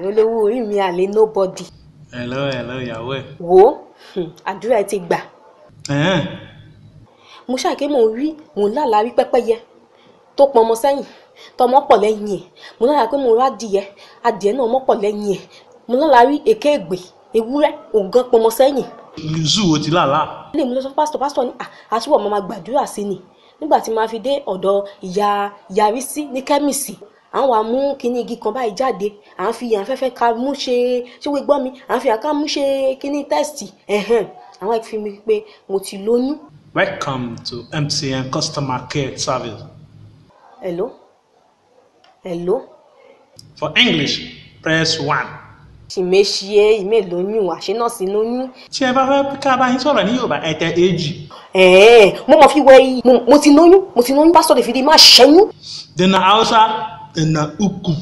olówó orí mi àlè nobody. hello hello ìyàwó ẹ̀. wo hmm, àdúrà ẹ ti gbà. mo ṣàkè mò ń rí mò ń lálàá rí pẹ́pẹ́yẹ tó pọn ọmọ sẹ́yìn tọmọ pọ̀ lẹ́yìn ẹ̀ mo lálàá pé mo rá adìyẹ adìyẹ náà mọ́ pọ̀ lẹ́yìn ẹ̀ mo lálàá rí èké ègbè ewúrẹ́ ògán pọmọ sẹ́yìn. zoo wo ti lálàá. ilé mi lọ sọ fún pásítọ̀ pásítọ̀ ní àtúwọ̀ máa gbàdúrà sí ni nígbà tí màá fi dé ọ̀dọ̀ ìyá yarí sí ní kẹ́mìsì à ń wà mú kíní igi kan báyìí jáde à ń fi àfẹ́fẹ́ ká mú ṣe ṣé wí gbọ́ mi à ń fi àká mú ṣe kíní tẹ́sítì ẹ̀hẹ́n àwọn ìfi mi pé mo ti lóyún. welcome to MTN customer care service. hello hello. for english press one. ṣìmẹ́ṣiẹ́ ìmẹ́ lóyún àṣẹ náà sí lóyún. tí ẹ bá fẹ́ ká bá yín sọ̀rọ̀ ní yorùbá ẹ tẹ èjì. ẹ̀ẹ́ mo mọ̀ fi wẹ̀ yìí mo ti lóyún mo ti lóyún pásítọ̀ lè fi di máa ṣẹ́yún. dènà haúsá Et n'a aucun.